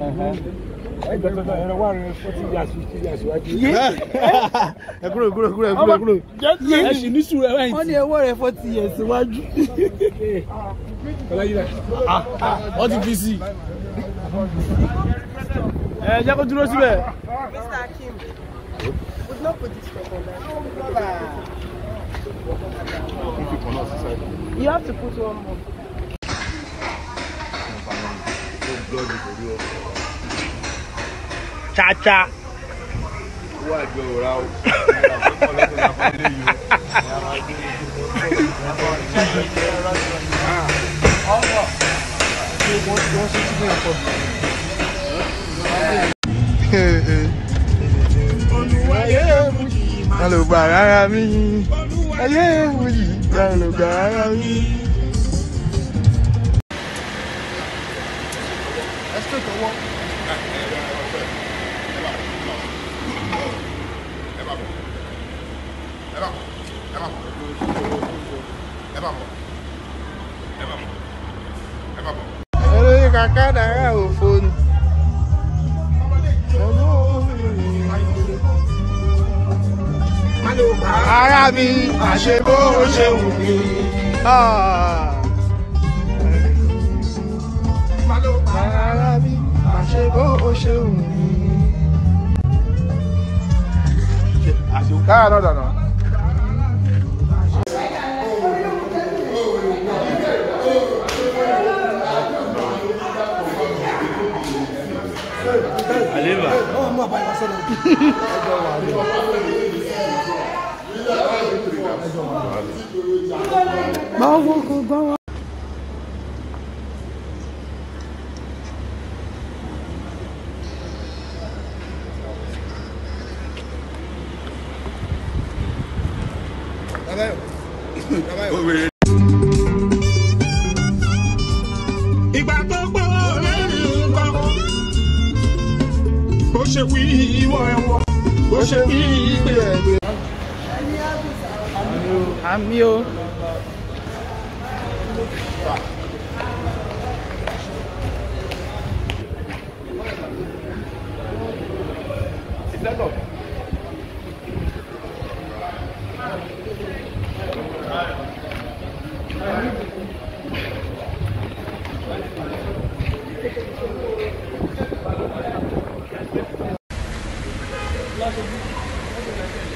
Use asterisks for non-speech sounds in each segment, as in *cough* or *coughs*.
ẹ kúrò kúrò kúrò kúrò kúrò ẹ sì ní sùúrù ẹ báyìí. wọ́n ní ẹwọ́ rẹ̀ forty years síwájú. Ah, wọ́n ti fi sí i. ẹ jẹ́ kó dúró síbẹ̀. You have to put one more. blọọdù cha. ọkọ. chacha. ó wà jọ òra o alùpàá rárá mi ayé wòlíì alùpàá rárá mi. lọ́wọ́. olórí kàkàdà rà òfò ni. ara mi àṣebó ṣe wù mí. Ah. ṣeun mi. dáhà náà dànù. àlébà. ọmọ *coughs* ìgbà tó gbọ́ lẹ́rìí nǹkan bó ṣe wí ìwọ ẹ̀wọ̀ bó ṣe wí ìgbé ẹ̀gbẹ́. àmì o. àmì o.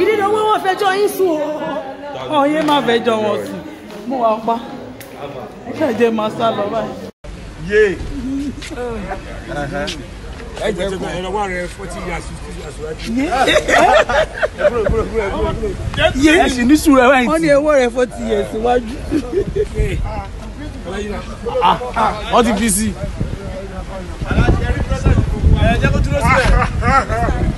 ìdídọ̀wọ́ wọn fẹjọ́ yín sùn o ọ̀yẹ́ má fẹjọ́ wọn sùn mo wà pa ẹ fẹ́ jẹ́ máa sá lọ báyìí. yé ẹ jẹ́ kó ẹ lọ́wọ́ rẹ forty years fifty years wájú. yé ẹ wọ́n forty years wájú. wọ́n ti fi sí i. ẹ jẹ́ kó dúró sílẹ̀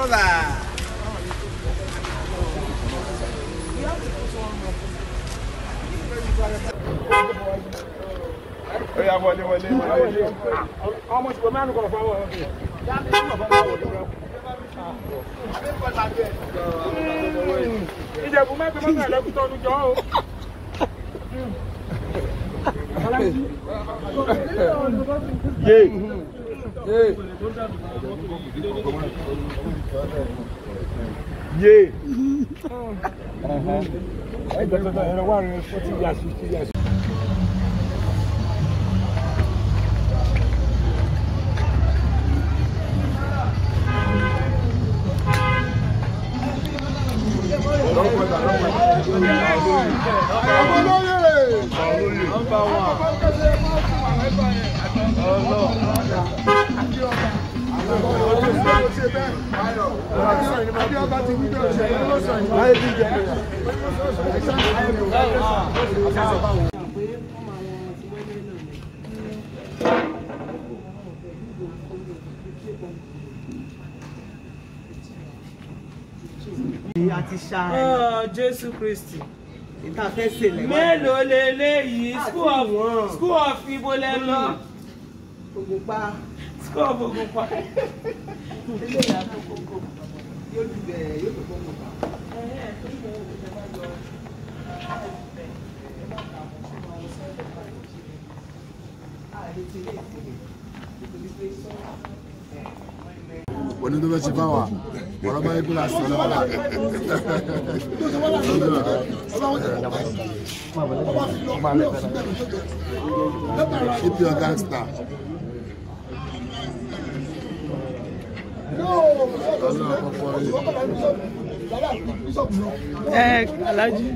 brother. ó yá wọlé wọlé wọlé. Ah, ọmọ ṣùgbọ́n mẹ́rin kọ̀ fún àwọn ọ̀rẹ́ ah. ìjẹ̀bù mẹ́fẹ́ mọ́tò ẹ̀lẹ́kùtọ́ ọdún jọ o. yéé yé. ẹgbẹ́ tó láyé bí ìjẹ àti ṣáà ẹ. Jésù ibo lẹ lọ. ògùnpá. school of ògùnpá. *laughs* wọ́n ní tó bẹ́ ṣe bá wa ọ̀rọ̀ bá yẹ kó lásán lọ́wọ́ la. keep your gangster. ẹ eh, alájí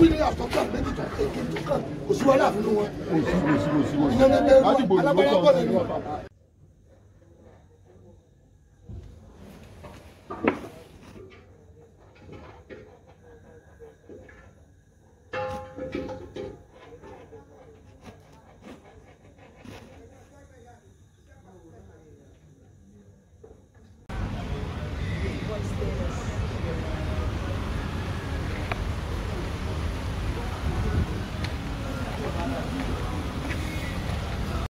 wílé àtọ́kọ́ àgbẹ̀bí kan èkìtì kan kò sí wàhálà fún wọn. ìyẹn ní bẹ́ẹ̀ wọ́n alágbára bọ̀ nínú. What's this?